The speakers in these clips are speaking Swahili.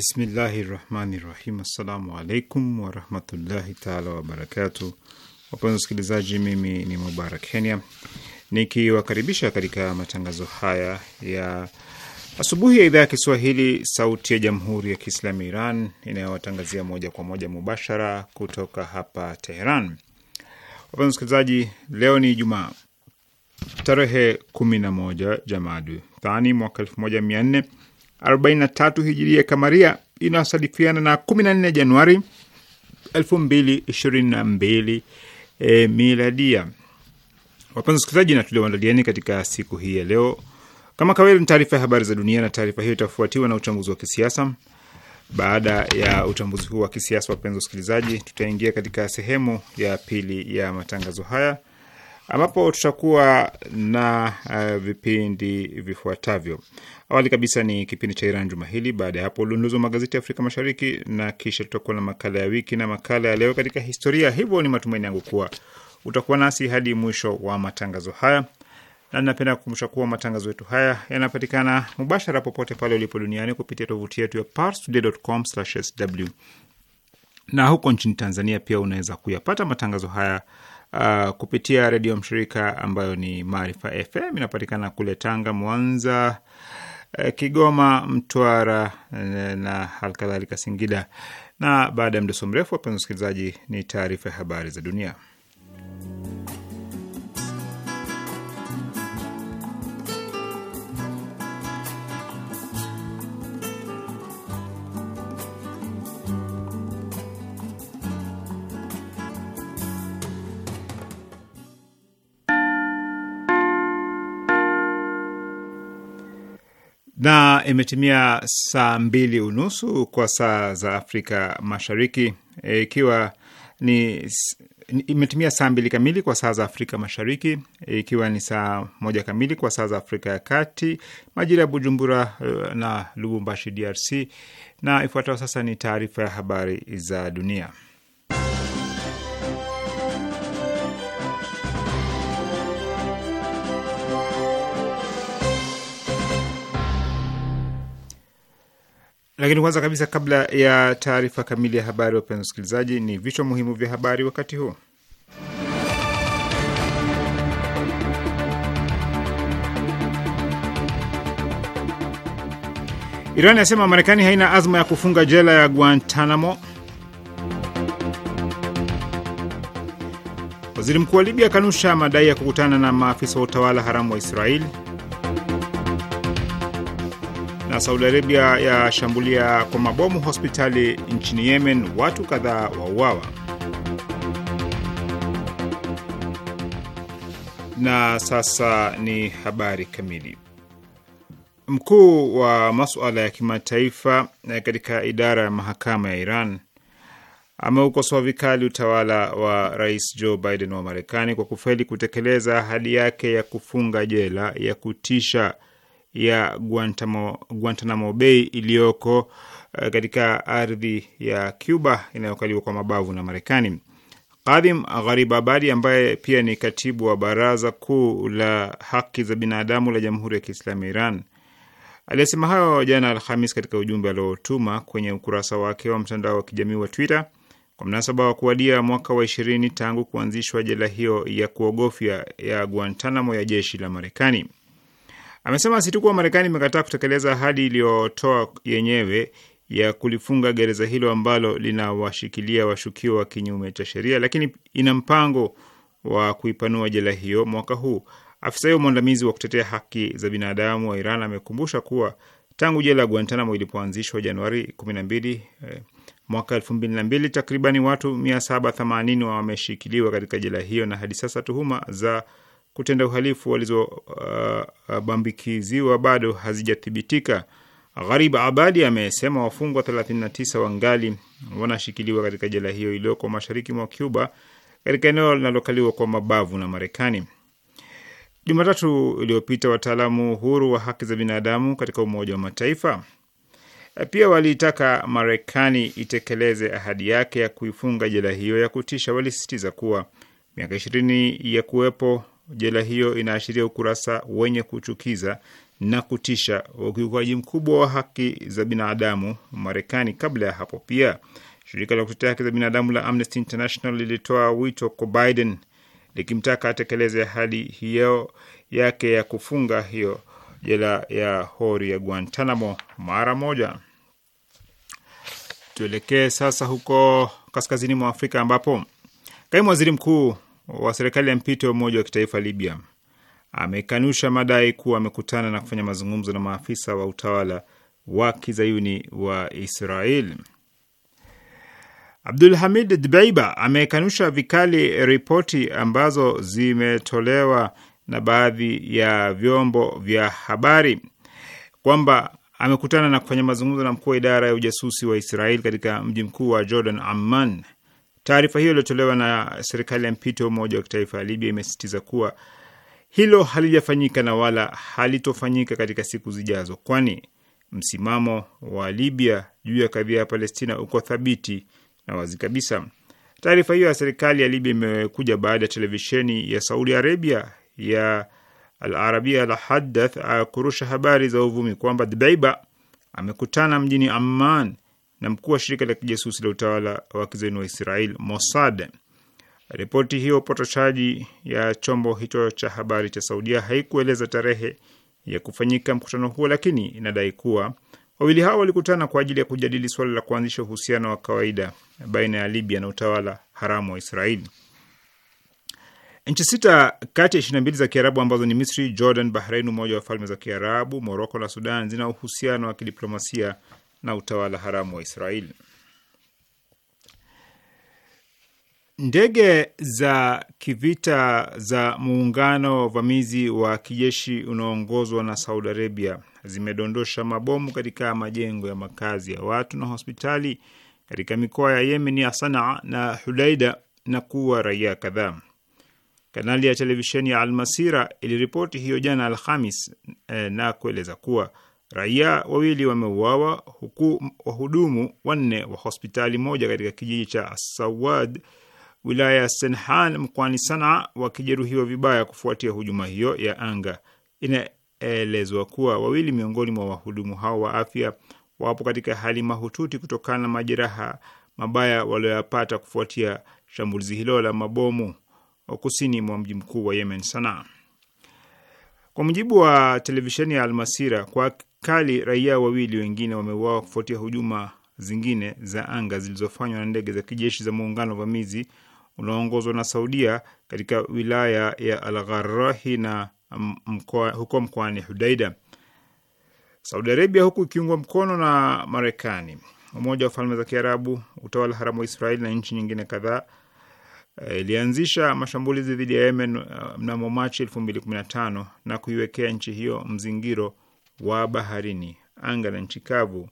Bismillahi rahmani rahim. Assalamu alaikum warahmatullahi taala wabarakatu. Wapenzi wasikilizaji, mimi ni Mubarak Kenya nikiwakaribisha katika matangazo haya ya asubuhi ya idhaa ya Kiswahili sauti ya jamhuri ya Kiislamu Iran inayowatangazia moja kwa moja mubashara kutoka hapa Teheran. Wapenzi wasikilizaji, leo ni Ijumaa tarehe 11 Jamadu Thani mwaka 1400 43 hijiria kamaria inayosadifiana na 14 Januari 2022 e, miladia. Wapenzi wasikilizaji, na tulioandaliani katika siku hii ya leo kama kawaida ni taarifa ya habari za dunia, na taarifa hiyo itafuatiwa na uchambuzi wa kisiasa. Baada ya uchambuzi huu wa kisiasa, wapenzi wasikilizaji, tutaingia katika sehemu ya pili ya matangazo haya ambapo tutakuwa na uh, vipindi vifuatavyo. Awali kabisa ni kipindi cha Iran juma hili, baada ya hapo ulunduzi wa magazeti ya Afrika Mashariki, na kisha tutakuwa na makala ya wiki na makala ya leo katika historia. Hivyo ni matumaini yangu kuwa utakuwa nasi hadi mwisho wa matangazo haya, na ninapenda kukumbusha kuwa matangazo yetu haya yanapatikana mubashara popote pale ulipo duniani kupitia tovuti yetu ya parstoday.com/sw, na huko nchini Tanzania pia unaweza kuyapata matangazo haya uh, kupitia redio mshirika ambayo ni Maarifa FM, inapatikana kule Tanga, Mwanza, uh, Kigoma, Mtwara uh, na halikadhalika Singida. Na baada ya mdoso mrefu, wapenzi wasikilizaji, ni taarifa ya habari za dunia. imetimia saa mbili unusu kwa saa za Afrika Mashariki, e, ikiwa e, ni imetimia saa mbili kamili kwa saa za Afrika Mashariki, e, ikiwa e, ni saa moja kamili kwa saa za Afrika ya Kati, majira ya Bujumbura e, na Lubumbashi, DRC. Na ifuatayo sasa ni taarifa ya habari za dunia. Lakini kwanza kabisa, kabla ya taarifa kamili ya habari, wapenzi wasikilizaji, ni vichwa muhimu vya habari wakati huu. Iran yasema Marekani haina azma ya kufunga jela ya Guantanamo. Waziri mkuu wa Libya kanusha madai ya kukutana na maafisa wa utawala haramu wa Israeli na Saudi Arabia yashambulia kwa mabomu hospitali nchini Yemen, watu kadhaa wauawa. Na sasa ni habari kamili. Mkuu wa masuala ya kimataifa eh, katika idara ya mahakama ya Iran ameukosoa vikali utawala wa rais Joe Biden wa Marekani kwa kufeli kutekeleza ahadi yake ya kufunga jela ya kutisha ya Guantanamo, Guantanamo Bay iliyoko eh, katika ardhi ya Cuba inayokaliwa kwa mabavu na Marekani. Kadhim Gharib Abadi ambaye pia ni katibu wa Baraza Kuu la Haki za Binadamu la Jamhuri ya Kiislamu ya Iran aliyesema hayo jana Alhamis katika ujumbe aliotuma kwenye ukurasa wake wa mtandao wa kijamii wa Twitter kwa mnasaba wa kuwadia mwaka wa ishirini tangu kuanzishwa jela hiyo ya kuogofya ya Guantanamo ya jeshi la Marekani. Amesema si tu kuwa Marekani imekataa kutekeleza ahadi iliyotoa yenyewe ya kulifunga gereza hilo ambalo linawashikilia washukiwa wa kinyume cha sheria, lakini ina mpango wa kuipanua jela hiyo mwaka huu. Afisa huyo mwandamizi wa kutetea haki za binadamu wa Iran amekumbusha kuwa tangu jela ya Guantanamo ilipoanzishwa Januari 12 eh, mwaka takribani watu 780 wameshikiliwa katika jela hiyo, na hadi sasa tuhuma za kutenda uhalifu walizobambikiziwa uh, bado hazijathibitika. Gharib Abadi amesema wafungwa 39 wangali wanashikiliwa katika jela hiyo iliyoko mashariki mwa Cuba, katika eneo linalokaliwa kwa mabavu na Marekani. Jumatatu iliyopita wataalamu huru wa haki za binadamu katika Umoja wa Mataifa pia waliitaka Marekani itekeleze ahadi yake ya kuifunga jela hiyo ya kutisha. Walisisitiza kuwa miaka ishirini ya kuwepo jela hiyo inaashiria ukurasa wenye kuchukiza na kutisha wa ukiukaji mkubwa wa haki za binadamu Marekani. Kabla ya hapo pia shirika la kutetea haki za binadamu la Amnesty International lilitoa wito kwa Biden likimtaka atekeleze hadi hiyo yake ya kufunga hiyo jela ya hori ya Guantanamo mara moja. Tuelekee sasa huko kaskazini mwa Afrika ambapo kaimu waziri mkuu wa serikali ya mpito ya Umoja wa Kitaifa Libya amekanusha madai kuwa amekutana na kufanya mazungumzo na maafisa wa utawala wa kizayuni wa Israel. Abdul Hamid Dbeiba amekanusha vikali ripoti ambazo zimetolewa na baadhi ya vyombo vya habari kwamba amekutana na kufanya mazungumzo na mkuu wa idara ya ujasusi wa Israel katika mji mkuu wa Jordan, Amman. Taarifa hiyo iliyotolewa na serikali ya mpito ya Umoja wa Kitaifa ya Libya imesisitiza kuwa hilo halijafanyika na wala halitofanyika katika siku zijazo, kwani msimamo wa Libya juu ya kadhia ya Palestina uko thabiti na wazi kabisa. Taarifa hiyo ya serikali ya Libya imekuja baada ya televisheni ya Saudi Arabia ya Al Arabia Al Hadath kurusha habari za uvumi kwamba Dbeiba amekutana mjini Amman na mkuu wa shirika la kijasusi la utawala wa kizeni wa Israel Mossad. Ripoti hiyo upotoshaji ya chombo hicho cha habari cha Saudia haikueleza tarehe ya kufanyika mkutano huo, lakini inadai kuwa wawili hao walikutana kwa ajili ya kujadili suala la kuanzisha uhusiano wa kawaida baina ya Libya na utawala haramu wa Israeli. Nchi sita kati ya 22 za Kiarabu ambazo ni Misri, Jordan, Bahrain, Umoja wa Falme za Kiarabu, Moroko na Sudan zina uhusiano wa kidiplomasia na utawala haramu wa Israeli. Ndege za kivita za muungano wa uvamizi wa kijeshi unaoongozwa na Saudi Arabia zimedondosha mabomu katika majengo ya makazi ya watu na hospitali katika mikoa ya Yemen ya Sanaa na Hudaida na kuwa raia kadhaa. Kanali ya televisheni ya Almasira iliripoti hiyo jana Alhamis eh, na kueleza kuwa Raia wawili wameuawa huku wahudumu wanne wa hospitali moja katika kijiji cha Sawad wilaya ya Senhan mkoani Sanaa wakijeruhiwa vibaya kufuatia hujuma hiyo ya anga. Inaelezwa kuwa wawili miongoni mwa wahudumu hao wa afya wapo katika hali mahututi kutokana na majeraha mabaya walioyapata kufuatia shambulizi hilo la mabomu kusini mwa mji mkuu wa Yemen, Sanaa. Kwa mujibu wa televisheni ya Almasira, kwa kali raia wawili wengine wameuawa kufuatia hujuma zingine za anga zilizofanywa na ndege za kijeshi za muungano vamizi unaoongozwa na Saudia katika wilaya ya Algharahi na mkoa, huko mkoani Hudaida, Saudi Arabia, huku ikiungwa mkono na Marekani, Umoja wa Falme za Kiarabu, utawala haramu wa Israeli na nchi nyingine kadhaa eh, ilianzisha mashambulizi dhidi ya Yemen eh, mnamo Machi 2015 na kuiwekea nchi hiyo mzingiro wa baharini, anga na nchi kavu.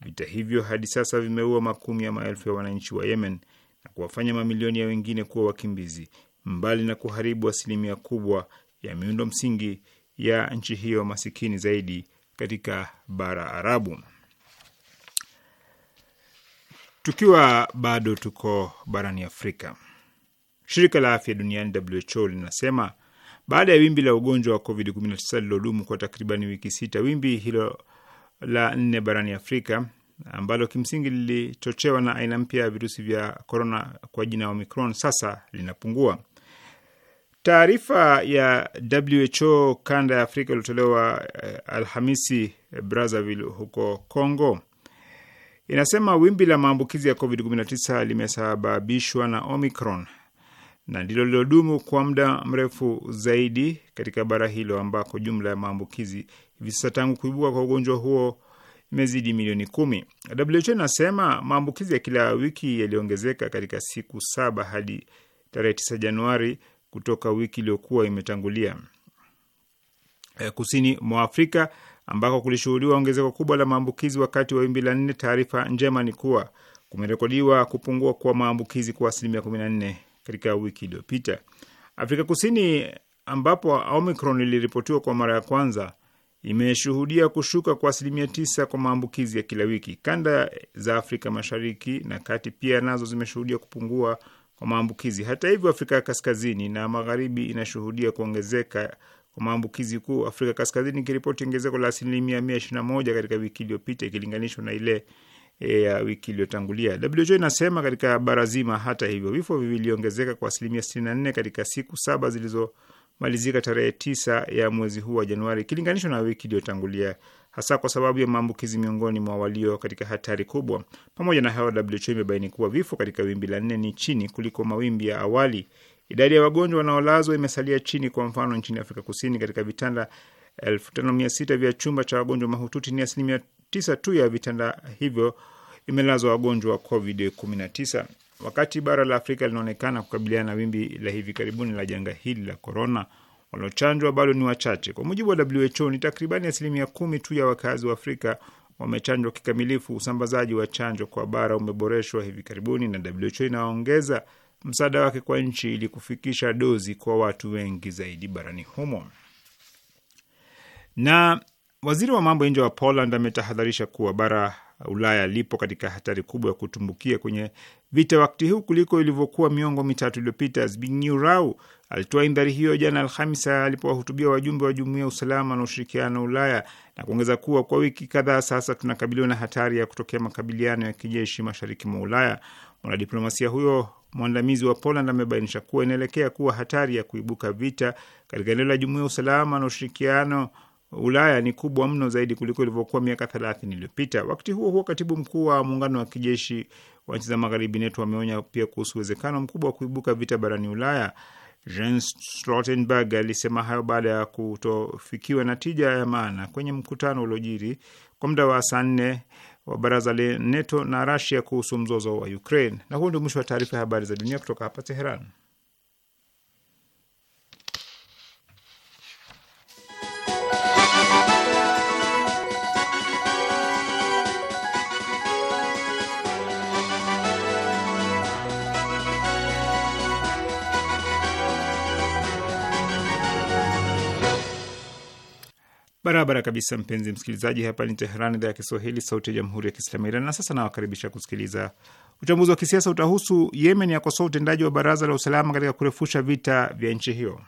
Vita hivyo hadi sasa vimeua makumi ya maelfu ya wananchi wa Yemen na kuwafanya mamilioni ya wengine kuwa wakimbizi, mbali na kuharibu asilimia kubwa ya miundo msingi ya nchi hiyo masikini zaidi katika bara Arabu. Tukiwa bado tuko barani Afrika, shirika la afya duniani WHO linasema baada ya wimbi la ugonjwa wa COVID-19 lilodumu kwa takribani wiki sita, wimbi hilo la nne barani Afrika ambalo kimsingi lilichochewa na aina mpya ya virusi vya korona kwa jina ya Omicron sasa linapungua. Taarifa ya WHO kanda ya Afrika iliyotolewa eh, Alhamisi eh, Brazzaville huko Congo inasema wimbi la maambukizi ya COVID-19 limesababishwa na Omicron na ndilo lilodumu kwa muda mrefu zaidi katika bara hilo ambako jumla ya maambukizi hivi sasa tangu kuibuka kwa ugonjwa huo imezidi milioni kumi. WHO inasema maambukizi ya kila wiki yaliongezeka katika siku saba hadi tarehe 9 Januari kutoka wiki iliyokuwa imetangulia. Eh, kusini mwa Afrika ambako kulishuhudiwa ongezeko kubwa la maambukizi wakati wa wimbi la nne, taarifa njema ni kuwa kumerekodiwa kupungua kwa maambukizi kwa asilimia 14 katika wiki iliyopita. Afrika Kusini, ambapo Omicron iliripotiwa kwa mara ya kwanza, imeshuhudia kushuka kwa asilimia tisa kwa maambukizi ya kila wiki. Kanda za Afrika Mashariki na Kati pia nazo zimeshuhudia kupungua kwa maambukizi. Hata hivyo, Afrika ya Kaskazini na Magharibi inashuhudia kuongezeka kwa maambukizi, kuu Afrika Kaskazini ikiripoti ongezeko la asilimia mia ishirini na moja katika wiki iliyopita ikilinganishwa na ile ya wiki iliyotangulia. WHO inasema katika bara zima, hata hivyo, vifo viliongezeka kwa asilimia 64 katika siku saba zilizomalizika tarehe tisa ya mwezi huu wa Januari ikilinganishwa na wiki iliyotangulia, hasa kwa sababu ya maambukizi miongoni mwa walio katika hatari kubwa. Pamoja na hayo, WHO imebaini kuwa vifo katika wimbi la nne ni chini kuliko mawimbi ya awali. Idadi ya wagonjwa wanaolazwa imesalia chini. Kwa mfano, nchini Afrika Kusini, katika vitanda 5600 vya chumba cha wagonjwa mahututi ni asilimia tisa tu ya vitanda hivyo imelazwa wagonjwa wa Covid 19. Wakati bara la Afrika linaonekana kukabiliana na wimbi la hivi karibuni la janga hili la korona, waliochanjwa bado ni wachache. Kwa mujibu wa WHO, ni takribani asilimia kumi tu ya wakazi wa Afrika wamechanjwa kikamilifu. Usambazaji wa chanjo kwa bara umeboreshwa hivi karibuni, na WHO inaongeza msaada wake kwa nchi ili kufikisha dozi kwa watu wengi zaidi barani humo. Na Waziri wa mambo ya nje wa Poland ametahadharisha kuwa bara Ulaya lipo katika hatari kubwa ya kutumbukia kwenye vita wakati huu kuliko ilivyokuwa miongo mitatu iliyopita. Zbigniew Rau alitoa indhari hiyo jana Alhamis alipowahutubia wajumbe wa Jumuiya ya Usalama na Ushirikiano wa Ulaya na kuongeza kuwa kwa wiki kadhaa sasa tunakabiliwa na hatari ya kutokea makabiliano ya kijeshi mashariki mwa Ulaya. Mwanadiplomasia huyo mwandamizi wa Poland amebainisha kuwa inaelekea kuwa hatari ya kuibuka vita katika eneo la Jumuiya ya Usalama na Ushirikiano Ulaya ni kubwa mno zaidi kuliko ilivyokuwa miaka thelathini iliyopita. Wakati huo huo, katibu mkuu wa muungano wa kijeshi wa nchi za magharibi NETO ameonya pia kuhusu uwezekano mkubwa wa kuibuka vita barani Ulaya. Jens Stoltenberg alisema hayo baada ya kutofikiwa na tija ya maana kwenye mkutano uliojiri kwa muda wa saa nne wa baraza la NETO na Rasia kuhusu mzozo wa Ukraine. Na huo ndio mwisho wa taarifa ya habari za dunia kutoka hapa Teheran. Barabara kabisa, mpenzi msikilizaji, hapa ni Teheran, idhaa ya Kiswahili, sauti ya jamhuri ya kiislamu ya Iran. Na sasa nawakaribisha kusikiliza uchambuzi wa kisiasa. Utahusu Yemen yakosoa utendaji wa baraza la usalama katika kurefusha vita vya nchi hiyo.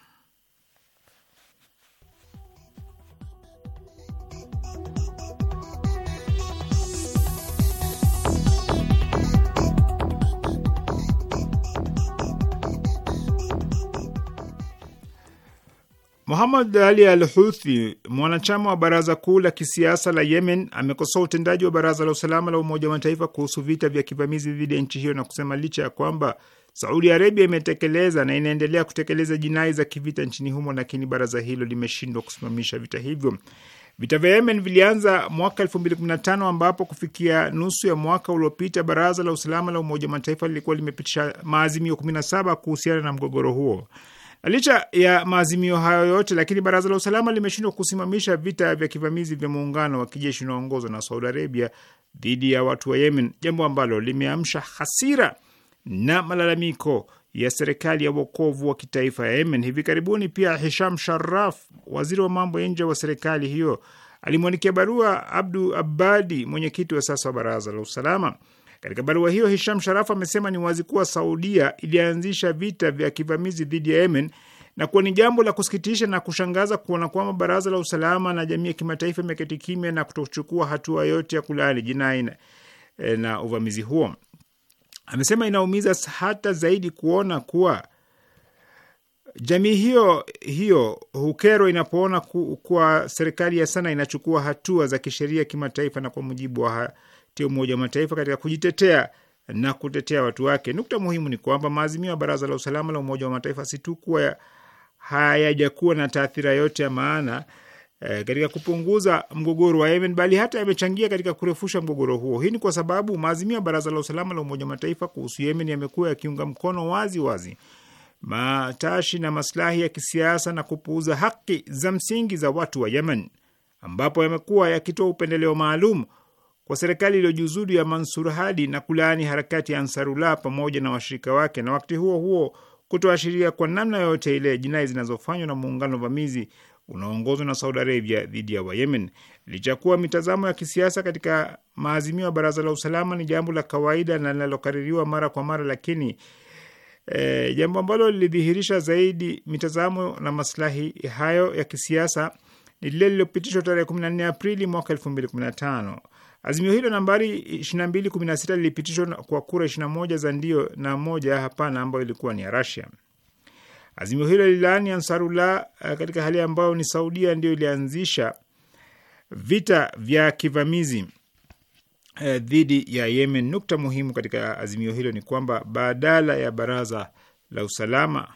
Muhamad Ali al Huthi, mwanachama wa baraza kuu la kisiasa la Yemen, amekosoa utendaji wa baraza la usalama la Umoja wa Mataifa kuhusu vita vya kivamizi dhidi ya nchi hiyo na kusema licha ya kwamba Saudi Arabia imetekeleza na inaendelea kutekeleza jinai za kivita nchini humo, lakini baraza hilo limeshindwa kusimamisha vita hivyo. Vita vya Yemen vilianza mwaka 2015 ambapo kufikia nusu ya mwaka uliopita baraza la usalama la Umoja wa Mataifa lilikuwa limepitisha maazimio 17 kuhusiana na mgogoro huo. Licha ya maazimio hayo yote, lakini baraza la usalama limeshindwa kusimamisha vita vya kivamizi vya muungano wa kijeshi unaoongozwa na Saudi Arabia dhidi ya watu wa Yemen, jambo ambalo limeamsha hasira na malalamiko ya serikali ya wokovu wa kitaifa ya Yemen. Hivi karibuni pia Hisham Sharaf, waziri wa mambo ya nje wa serikali hiyo, alimwandikia barua Abdu Abadi, mwenyekiti wa sasa wa baraza la usalama. Katika barua hiyo, Hisham Sharaf amesema ni wazi kuwa Saudia ilianzisha vita vya kivamizi dhidi ya Yemen na kuwa ni jambo la kusikitisha na kushangaza kuona kwamba Baraza la Usalama na jamii ya kimataifa imeketi kimya na kutochukua hatua yote ya kulaani jinai na e, na uvamizi huo. Amesema inaumiza hata zaidi kuona kuwa jamii hiyo hiyo hukero inapoona kuwa serikali ya Sana inachukua hatua za kisheria kimataifa na kwa mujibu wa ya Umoja wa Mataifa katika kujitetea na kutetea watu wake. Nukta muhimu ni kwamba maazimio ya Baraza la Usalama la Umoja wa Mataifa si tu kuwa hayajakuwa na taathira yote ya maana e, katika kupunguza mgogoro wa Yemen, bali hata yamechangia katika kurefusha mgogoro huo. Hii ni kwa sababu maazimio ya Baraza la Usalama la Umoja wa Mataifa kuhusu Yemen yamekuwa yakiunga mkono wazi wazi matashi na maslahi ya kisiasa na kupuuza haki za msingi za watu wa Yemen, ambapo yamekuwa yakitoa upendeleo maalum kwa serikali iliyojiuzulu ya Mansur Hadi na kulaani harakati ya Ansarullah pamoja na washirika wake, na wakati huo huo kutoashiria kwa namna yoyote ile jinai zinazofanywa na muungano vamizi unaoongozwa na Saudi Arabia dhidi ya Wayemen. Licha kuwa mitazamo ya kisiasa katika maazimio ya Baraza la Usalama ni jambo la kawaida na linalokaririwa mara kwa mara, lakini e, jambo ambalo lilidhihirisha zaidi mitazamo na maslahi hayo ya kisiasa ni lile lililopitishwa tarehe 14 Aprili mwaka 2015 Azimio hilo nambari 2216 lilipitishwa kwa kura 21 za ndio na moja hapana, ambayo ilikuwa ni ya Rasia. Azimio hilo lilaani Ansarullah eh, katika hali ambayo ni Saudia ndio ilianzisha vita vya kivamizi eh, dhidi ya Yemen. Nukta muhimu katika azimio hilo ni kwamba badala ya Baraza la Usalama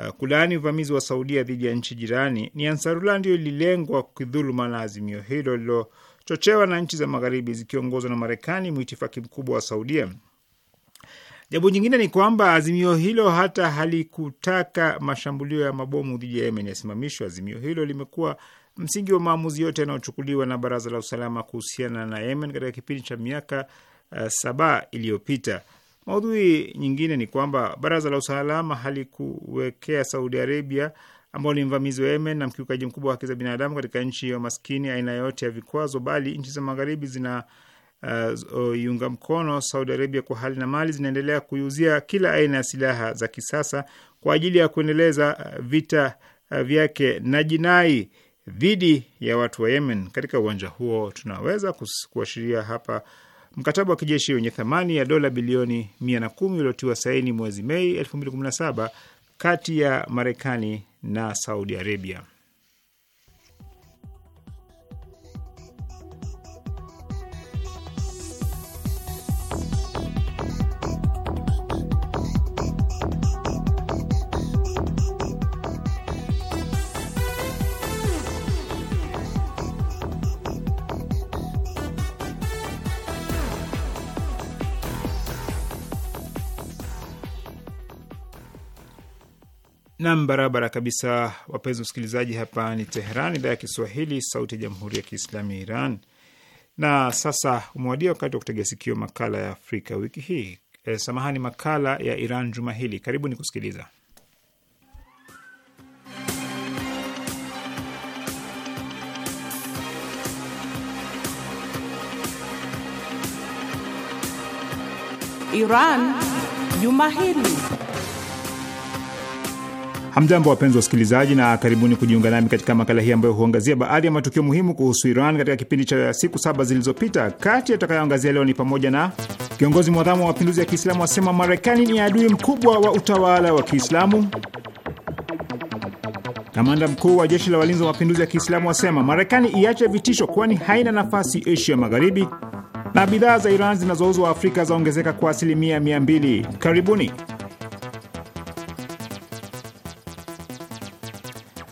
uh, kulaani uvamizi wa Saudia dhidi ya nchi jirani, ni Ansarullah ndiyo ililengwa kidhuluma na azimio hilo lilochochewa na nchi za Magharibi zikiongozwa na Marekani, mwitifaki mkubwa wa Saudia. Jambo nyingine ni kwamba azimio hilo hata halikutaka mashambulio ya mabomu dhidi ya Yemen yasimamishwe. Azimio hilo limekuwa msingi wa maamuzi yote yanayochukuliwa na Baraza la Usalama kuhusiana na Yemen katika kipindi cha miaka uh, saba iliyopita. Maudhui nyingine ni kwamba baraza la usalama halikuwekea Saudi Arabia, ambao ni mvamizi wa Yemen na mkiukaji mkubwa wa haki za binadamu katika nchi hiyo maskini, aina yote ya vikwazo, bali nchi za magharibi zina uh, iunga mkono Saudi Arabia kwa hali na mali, zinaendelea kuiuzia kila aina ya silaha za kisasa kwa ajili ya kuendeleza uh, vita uh, vyake na jinai dhidi ya watu wa Yemen. Katika uwanja huo tunaweza kuashiria hapa Mkataba wa kijeshi wenye thamani ya dola bilioni 110 uliotiwa saini mwezi Mei 2017 kati ya Marekani na Saudi Arabia. Nam, barabara kabisa, wapenzi wasikilizaji, hapa ni Teheran, idhaa ya Kiswahili, sauti ya jamhuri ya kiislamu ya Iran. Na sasa umewadia wakati wa kutegea sikio makala ya Afrika wiki hii. E, samahani, makala ya Iran juma hili. karibu ni kusikiliza. Iran juma hili Hamjambo, wapenzi wasikilizaji, na karibuni kujiunga nami katika makala hii ambayo huangazia baadhi ya matukio muhimu kuhusu Iran katika kipindi cha siku saba zilizopita. Kati yatakayoangazia leo ni pamoja na kiongozi mwadhamu wa mapinduzi ya Kiislamu asema Marekani ni adui mkubwa wa utawala wa Kiislamu, kamanda mkuu wa jeshi la walinzi wa mapinduzi ya Kiislamu asema Marekani iache vitisho, kwani haina nafasi Asia Magharibi, na bidhaa za Iran zinazouzwa Afrika zaongezeka kwa asilimia mia mbili. Karibuni.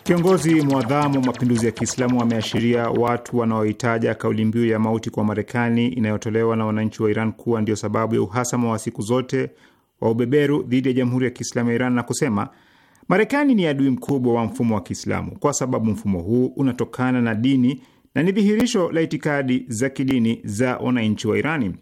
Kiongozi mwadhamu wa mapinduzi ya Kiislamu wameashiria watu wanaohitaja kauli mbiu ya mauti kwa Marekani inayotolewa na wananchi wa Iran kuwa ndio sababu ya uhasama wa siku zote wa ubeberu dhidi ya Jamhuri ya Kiislamu ya Iran na kusema Marekani ni adui mkubwa wa mfumo wa Kiislamu kwa sababu mfumo huu unatokana na dini na ni dhihirisho la itikadi za kidini za wananchi wa Irani.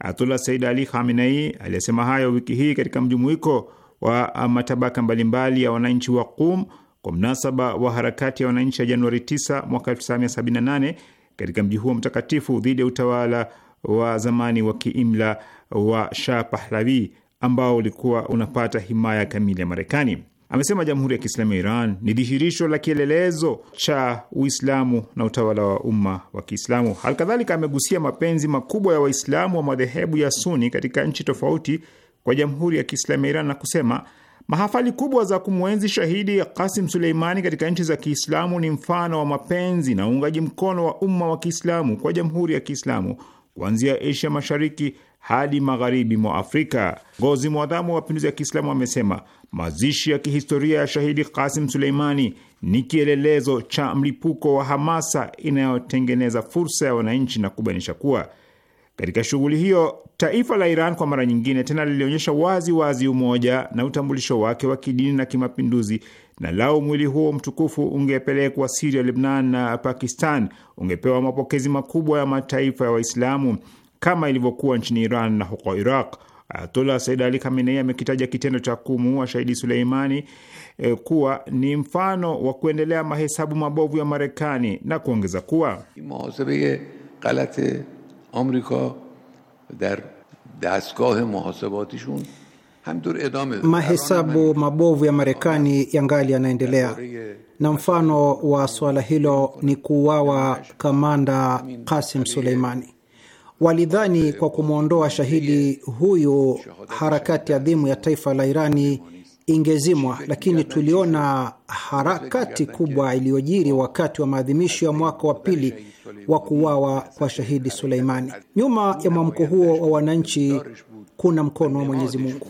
Ayatullah Said Ali Khamenei aliyesema hayo wiki hii katika mjumuiko wa matabaka mbalimbali ya wananchi wa Qum kwa mnasaba wa harakati ya wananchi ya Januari 9 mwaka 1978 katika mji huo mtakatifu dhidi ya utawala wa zamani wa kiimla wa Shah Pahlavi ambao ulikuwa unapata himaya kamili ya Marekani. Amesema Jamhuri ya Kiislamu ya Iran ni dhihirisho la kielelezo cha Uislamu na utawala wa umma wa Kiislamu. Halikadhalika, amegusia mapenzi makubwa ya Waislamu wa madhehebu ya Suni katika nchi tofauti kwa Jamhuri ya Kiislamu ya Iran na kusema Mahafali kubwa za kumwenzi shahidi Kasim Suleimani katika nchi za Kiislamu ni mfano wa mapenzi na uungaji mkono wa umma wa Kiislamu kwa Jamhuri ya Kiislamu kuanzia Asia Mashariki hadi magharibi mwa Afrika. Ngozi mwadhamu wa mapinduzi ya Kiislamu amesema mazishi ya kihistoria ya shahidi Kasim Suleimani ni kielelezo cha mlipuko wa hamasa inayotengeneza fursa ya wananchi na kubainisha kuwa katika shughuli hiyo, taifa la Iran kwa mara nyingine tena lilionyesha wazi wazi umoja na utambulisho wake wa kidini na kimapinduzi, na lau mwili huo mtukufu ungepelekwa Siria, Lebnan na Pakistan, ungepewa mapokezi makubwa ya mataifa ya Waislamu kama ilivyokuwa nchini Iran na huko Iraq. Ayatollah Said Ali Khamenei amekitaja kitendo cha kumuua shahidi Suleimani e, kuwa ni mfano wa kuendelea mahesabu mabovu ya Marekani na kuongeza kuwa آمریکا در دستگاه محاسباتیشون Mahesabu mabovu ya Marekani yangali yanaendelea, na mfano wa suala hilo ni kuuawa kamanda Kasim Suleimani. Walidhani kwa kumwondoa shahidi huyu harakati adhimu ya taifa la Irani ingezimwa, lakini tuliona harakati kubwa iliyojiri wakati wa maadhimisho ya mwaka wa pili wa kuuawa kwa shahidi Suleimani. Nyuma ya mwamko huo wa wananchi kuna mkono wa Mwenyezi Mungu.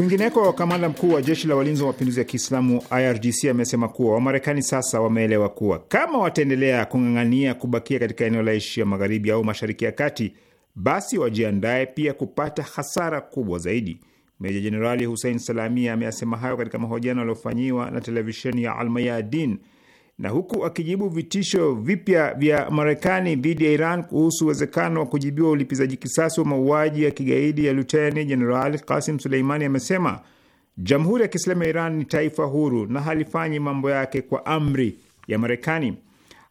Kwingineko, kamanda mkuu wa jeshi la walinzi wa mapinduzi ya Kiislamu IRGC amesema kuwa Wamarekani sasa wameelewa kuwa kama wataendelea kung'ang'ania kubakia katika eneo la Asia Magharibi au Mashariki ya Kati, basi wajiandae pia kupata hasara kubwa zaidi. Meja Jenerali Hussein Salami ameyasema hayo katika mahojiano aliyofanyiwa na televisheni ya Almayadin na huku akijibu vitisho vipya vya Marekani dhidi ya Iran kuhusu uwezekano wa kujibiwa ulipizaji kisasi wa mauaji ya kigaidi ya luteni jenerali Kasim Suleimani amesema Jamhuri ya Kiislamu ya Iran ni taifa huru na halifanyi mambo yake kwa amri ya Marekani.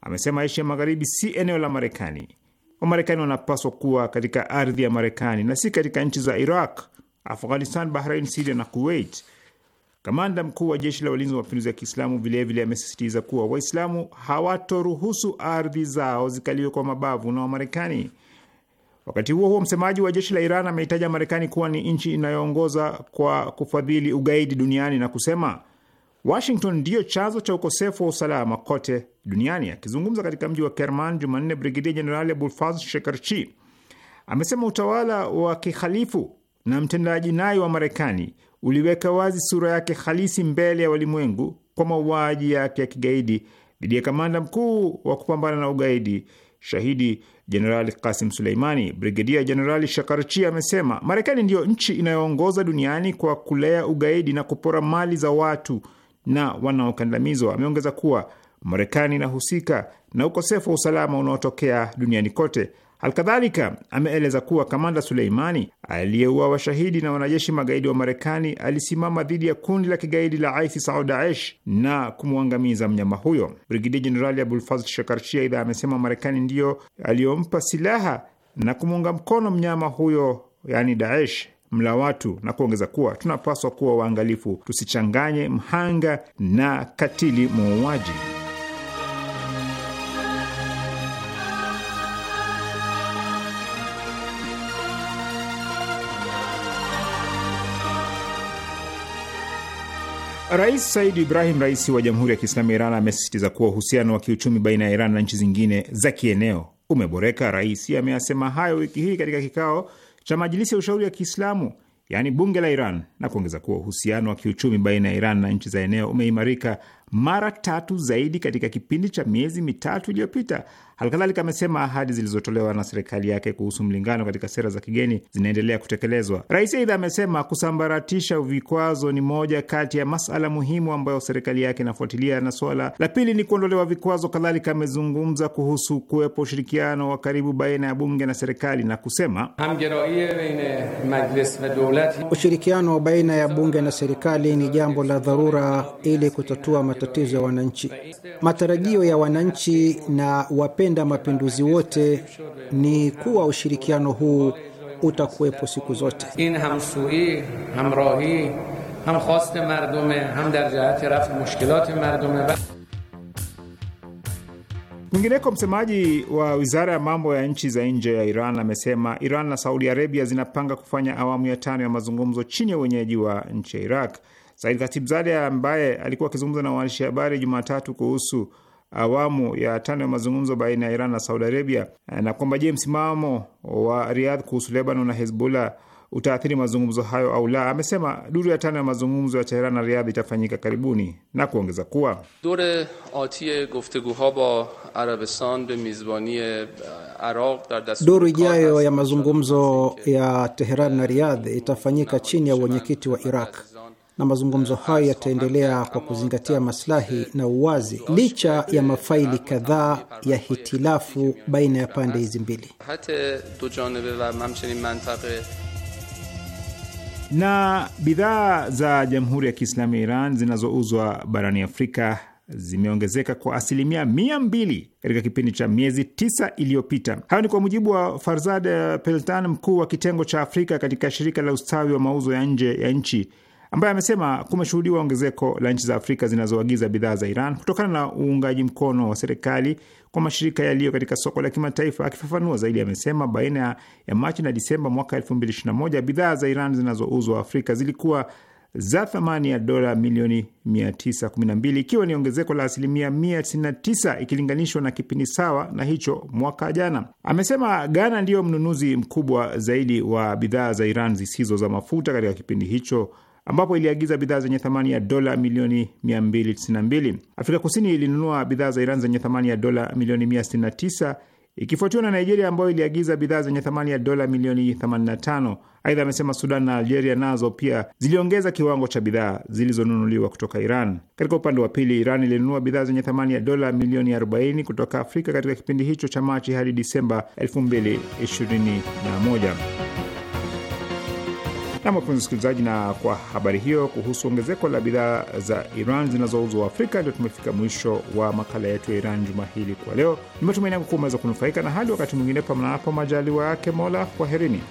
Amesema Asia ya Magharibi si eneo la Marekani. Wamarekani wanapaswa kuwa katika ardhi ya Marekani na si katika nchi za Iraq, Afghanistan, Bahrain, Siria na Kuwait. Kamanda mkuu wa jeshi la walinzi wa mapinduzi ya Kiislamu vilevile amesisitiza kuwa Waislamu hawatoruhusu ardhi zao zikaliwe kwa mabavu na Wamarekani. Wakati huo huo, msemaji wa jeshi la Iran ameitaja Marekani kuwa ni nchi inayoongoza kwa kufadhili ugaidi duniani na kusema Washington ndiyo chanzo cha ukosefu wa usalama kote duniani. Akizungumza katika mji wa Kerman Jumanne, Brigedia Jenerali Abulfaz Shekarchi amesema utawala wa kihalifu na mtendaji naye wa Marekani uliweka wazi sura yake halisi mbele ya walimwengu kwa mauaji yake ya kigaidi dhidi ya kamanda mkuu wa kupambana na ugaidi shahidi Jenerali Kasim Suleimani. Brigedia Jenerali Shakarchi amesema Marekani ndiyo nchi inayoongoza duniani kwa kulea ugaidi na kupora mali za watu na wanaokandamizwa. Ameongeza kuwa Marekani inahusika na ukosefu wa usalama unaotokea duniani kote. Alkadhalika ameeleza kuwa kamanda Suleimani aliyeuawa shahidi na wanajeshi magaidi wa Marekani alisimama dhidi ya kundi la kigaidi la ISIS au Daesh na kumwangamiza mnyama huyo. Brigidi Jenerali Abulfazl Shakarshia idhaa amesema Marekani ndiyo aliyompa silaha na kumuunga mkono mnyama huyo, yani Daesh mla watu, na kuongeza kuwa tunapaswa kuwa waangalifu tusichanganye mhanga na katili muuaji. Rais Said Ibrahim Raisi wa Jamhuri ya Kiislamu ya Iran amesisitiza kuwa uhusiano wa kiuchumi baina ya Iran na nchi zingine za kieneo umeboreka. Raisi ameyasema hayo wiki hii katika kikao cha Majilisi ya Ushauri ya Kiislamu, yaani bunge la Iran, na kuongeza kuwa uhusiano wa kiuchumi baina ya Iran na nchi za eneo umeimarika mara tatu zaidi katika kipindi cha miezi mitatu iliyopita. Halikadhalika, amesema ahadi zilizotolewa na serikali yake kuhusu mlingano katika sera za kigeni zinaendelea kutekelezwa. Rais aidha amesema kusambaratisha vikwazo ni moja kati ya masala muhimu ambayo serikali yake inafuatilia, na suala la pili ni kuondolewa vikwazo. Kadhalika, amezungumza kuhusu kuwepo ushirikiano wa karibu baina ya bunge na serikali na kusema ushirikiano baina ya bunge na serikali ni jambo la dharura ili kutatua matatizo ya wananchi. Matarajio ya wananchi na wapenda mapinduzi wote ni kuwa ushirikiano huu utakuwepo siku zote. Kwingineko, msemaji wa wizara ya mambo ya nchi za nje ya Iran amesema Iran na Saudi Arabia zinapanga kufanya awamu ya tano ya mazungumzo chini ya wenyeji wa nchi ya Iraq. Said Khatibzadeh ambaye alikuwa akizungumza na waandishi habari Jumatatu kuhusu awamu ya tano ya mazungumzo baina ya Iran na Saudi Arabia na kwamba je, msimamo wa Riyadh kuhusu Lebanon na Hezbollah utaathiri mazungumzo hayo au la, amesema duru ya tano ya mazungumzo ya teheran na Riyadh itafanyika karibuni na kuongeza kuwa dure ati guftguha ba Arabistan be mizbani araq dar dastur, duru ijayo ya mazungumzo ya teheran na Riyadh itafanyika chini ya uwenyekiti wa Iraq na mazungumzo hayo yataendelea kwa kuzingatia maslahi na uwazi, licha ya mafaili kadhaa ya hitilafu baina ya pande hizi mbili. Na bidhaa za Jamhuri ya Kiislamu ya Iran zinazouzwa barani Afrika zimeongezeka kwa asilimia mia mbili katika kipindi cha miezi tisa iliyopita. Hayo ni kwa mujibu wa Farzad Peltan, mkuu wa kitengo cha Afrika katika shirika la ustawi wa mauzo ya nje ya nchi ambaye amesema kumeshuhudiwa ongezeko la nchi za Afrika zinazoagiza bidhaa za Iran kutokana na uungaji mkono wa serikali kwa mashirika yaliyo katika soko la kimataifa. Akifafanua zaidi, amesema baina ya Machi na Disemba mwaka 2021 bidhaa za Iran zinazouzwa Afrika zilikuwa za thamani ya dola milioni 912 ikiwa ni ongezeko la asilimia 199 ikilinganishwa na kipindi sawa na hicho mwaka jana. Amesema Ghana ndiyo mnunuzi mkubwa zaidi wa bidhaa za Iran zisizo za mafuta katika kipindi hicho ambapo iliagiza bidhaa zenye thamani ya dola milioni 292. Afrika Kusini ilinunua bidhaa za Iran zenye thamani ya dola milioni 169 ikifuatiwa na Nigeria ambayo iliagiza bidhaa zenye thamani ya dola milioni 85. Aidha, amesema Sudan na Algeria nazo pia ziliongeza kiwango cha bidhaa zilizonunuliwa kutoka Iran. Katika upande wa pili, Iran ilinunua bidhaa zenye thamani ya dola milioni 40 kutoka Afrika katika kipindi hicho cha Machi hadi Disemba 2021. Na wapenzi wasikilizaji, na kwa habari hiyo kuhusu ongezeko la bidhaa za Iran zinazouzwa Afrika, ndio tumefika mwisho wa makala yetu ya Iran juma hili kwa leo. Nimetumaini yangu kuwa umeweza kunufaika na hali wakati mwingine, pamanapo majaliwa yake Mola. Kwaherini.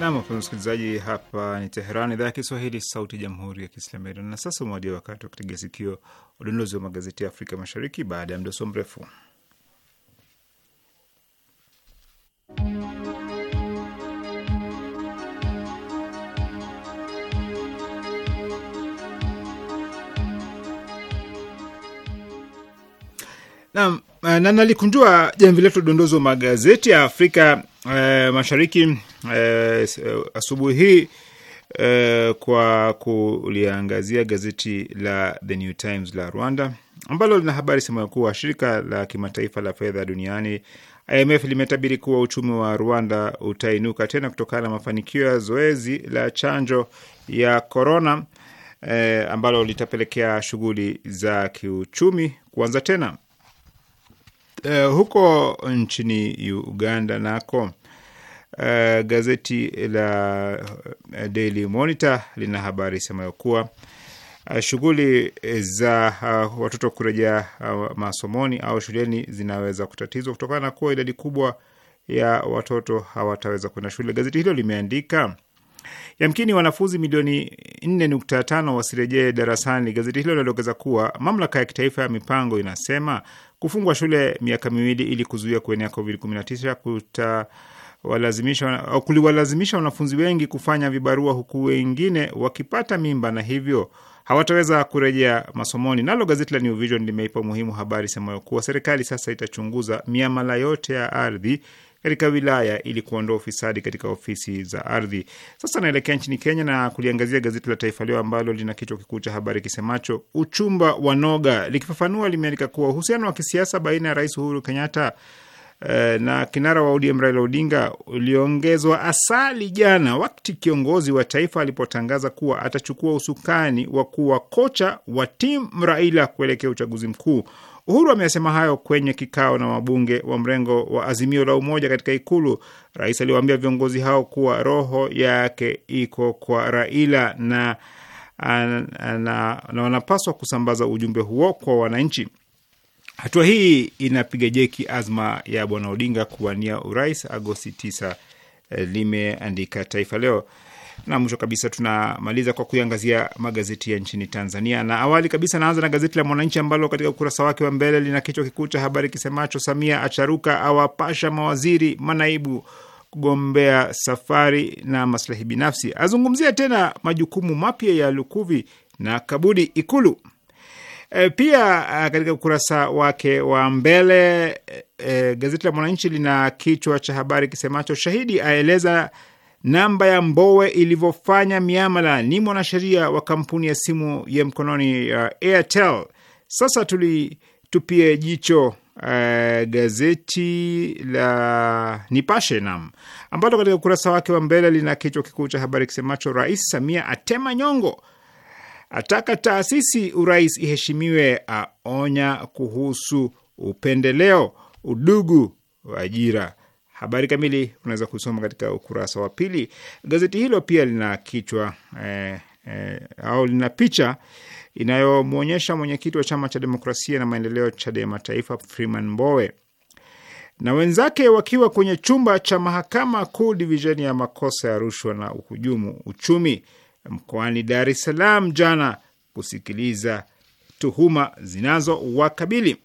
Nam, wapenzi msikilizaji, hapa ni Teheran, idhaa ya Kiswahili, sauti ya jamhuri ya kiislamu ya Iran. Na sasa umewadia wakati wa kutega sikio udondozi wa magazeti ya Afrika Mashariki baada ya mdoso mrefu. Nam, Eh, na nalikunjua jamvi letu dondozo magazeti ya Afrika eh, Mashariki eh, asubuhi hii eh, kwa kuliangazia gazeti la The New Times la Rwanda ambalo lina habari sema kuwa shirika la kimataifa la fedha duniani IMF limetabiri kuwa uchumi wa Rwanda utainuka tena kutokana na mafanikio ya zoezi la chanjo ya korona eh, ambalo litapelekea shughuli za kiuchumi kuanza tena. Uh, huko nchini Uganda nako uh, gazeti la eh, Daily Monitor lina habari semayo kuwa uh, shughuli za uh, watoto kurejea uh, masomoni au shuleni zinaweza kutatizwa kutokana na kuwa idadi kubwa ya watoto hawataweza kwenda shule. Gazeti hilo limeandika Yamkini wanafunzi milioni 4.5 wasirejee darasani. Gazeti hilo linaongeza kuwa mamlaka ya kitaifa ya mipango inasema Kufungwa shule miaka miwili ili kuzuia kuenea COVID-19 kuta walazimisha kuliwalazimisha wanafunzi wengi kufanya vibarua huku wengine wakipata mimba na hivyo hawataweza kurejea masomoni. Nalo gazeti la New Vision limeipa umuhimu habari semayo kuwa serikali sasa itachunguza miamala yote ya ardhi katika wilaya ili kuondoa ufisadi katika ofisi za ardhi. Sasa naelekea nchini Kenya na kuliangazia gazeti la Taifa Leo ambalo lina kichwa kikuu cha habari kisemacho uchumba wanoga. Likifafanua, limeandika kuwa uhusiano wa kisiasa baina ya Rais Uhuru Kenyatta eh, na kinara wa ODM Raila Odinga uliongezwa asali jana wakati kiongozi wa taifa alipotangaza kuwa atachukua usukani wa kuwa kocha wa timu Raila kuelekea uchaguzi mkuu Uhuru amesema hayo kwenye kikao na wabunge wa mrengo wa Azimio la Umoja katika Ikulu. Rais aliwaambia viongozi hao kuwa roho yake iko kwa Raila na, na, na wanapaswa kusambaza ujumbe huo kwa wananchi. Hatua hii inapiga jeki azma ya Bwana Odinga kuwania urais Agosti 9, eh, limeandika Taifa Leo. Na mwisho kabisa tunamaliza kwa kuiangazia magazeti ya nchini Tanzania, na awali kabisa naanza na gazeti la Mwananchi ambalo katika ukurasa wake wa mbele lina kichwa kikuu cha habari kisemacho Samia acharuka awapasha mawaziri manaibu kugombea safari na maslahi binafsi, azungumzia tena majukumu mapya ya Lukuvi na Kabudi Ikulu. E, pia eh, katika ukurasa wake wa mbele e, gazeti la Mwananchi lina kichwa cha habari kisemacho shahidi aeleza namba ya Mbowe ilivyofanya miamala. Ni mwanasheria wa kampuni ya simu ya mkononi ya uh, Airtel. Sasa tulitupie jicho uh, gazeti la Nipashe nam ambalo katika ukurasa wake wa mbele lina kichwa kikuu cha habari kisemacho Rais Samia atema nyongo, ataka taasisi urais iheshimiwe, aonya kuhusu upendeleo, udugu, ajira Habari kamili unaweza kusoma katika ukurasa wa pili. Gazeti hilo pia lina kichwa eh, eh, au lina picha inayomwonyesha mwenyekiti wa chama cha demokrasia na maendeleo Chadema Taifa, Freeman Mbowe na wenzake wakiwa kwenye chumba cha mahakama kuu divisheni ya makosa ya rushwa na uhujumu uchumi mkoani Dar es Salaam jana kusikiliza tuhuma zinazowakabili.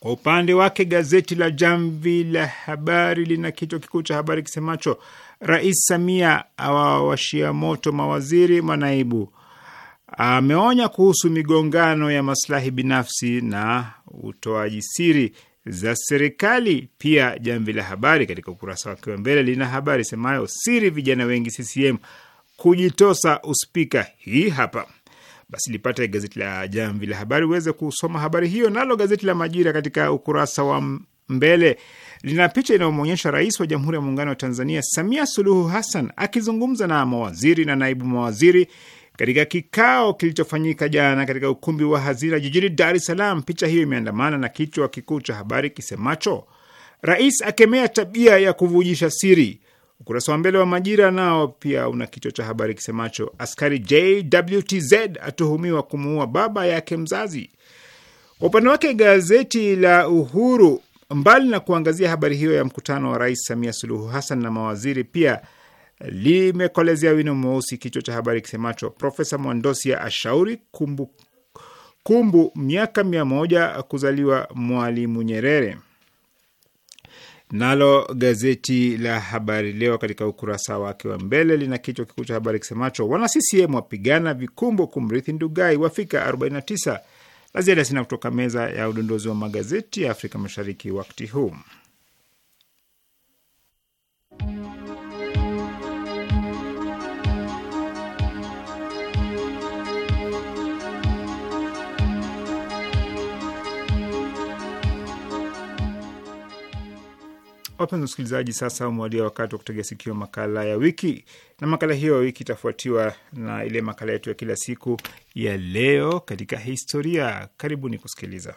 Kwa upande wake gazeti la Jamvi la Habari lina kichwa kikuu cha habari kisemacho Rais Samia awawashia moto mawaziri manaibu. Ameonya kuhusu migongano ya maslahi binafsi na utoaji siri za serikali. Pia Jamvi la Habari katika ukurasa wake wa mbele lina habari semayo siri vijana wengi CCM kujitosa uspika, hii hapa basi lipate gazeti la Jamvi la Habari uweze kusoma habari hiyo. Nalo gazeti la Majira katika ukurasa wa mbele lina picha inayomwonyesha Rais wa Jamhuri ya Muungano wa Tanzania Samia Suluhu Hassan akizungumza na mawaziri na naibu mawaziri katika kikao kilichofanyika jana katika ukumbi wa Hazira jijini Dar es Salaam. Picha hiyo imeandamana na kichwa kikuu cha habari kisemacho Rais akemea tabia ya kuvujisha siri, Ukurasa wa mbele wa Majira nao pia una kichwa cha habari kisemacho askari JWTZ atuhumiwa kumuua baba yake mzazi. Kwa upande wake gazeti la Uhuru, mbali na kuangazia habari hiyo ya mkutano wa Rais Samia Suluhu Hassan na mawaziri, pia limekolezea wino mweusi kichwa cha habari kisemacho Profesa Mwandosia ashauri kumbu kumbu miaka mia moja kuzaliwa Mwalimu Nyerere. Nalo gazeti la Habari Leo katika ukurasa wake wa mbele lina kichwa kikuu cha habari kisemacho wana CCM wapigana vikumbo kumrithi Ndugai wafika 49. La ziada sina kutoka meza ya udondozi wa magazeti ya Afrika Mashariki wakati huu. Wapenzi msikilizaji, sasa umewadia wakati wa kutega sikio makala ya wiki, na makala hiyo ya wiki itafuatiwa na ile makala yetu ya kila siku ya leo katika historia. Karibuni kusikiliza.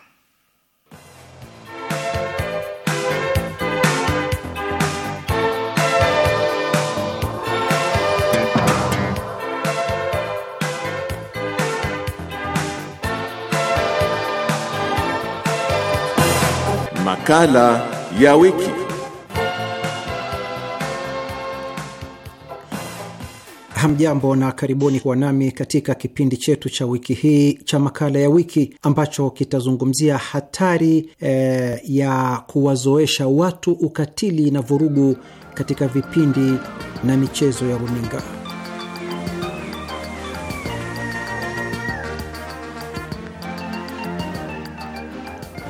Makala ya wiki. Hamjambo na karibuni kuwa nami katika kipindi chetu cha wiki hii cha makala ya wiki ambacho kitazungumzia hatari eh, ya kuwazoesha watu ukatili na vurugu katika vipindi na michezo ya runinga.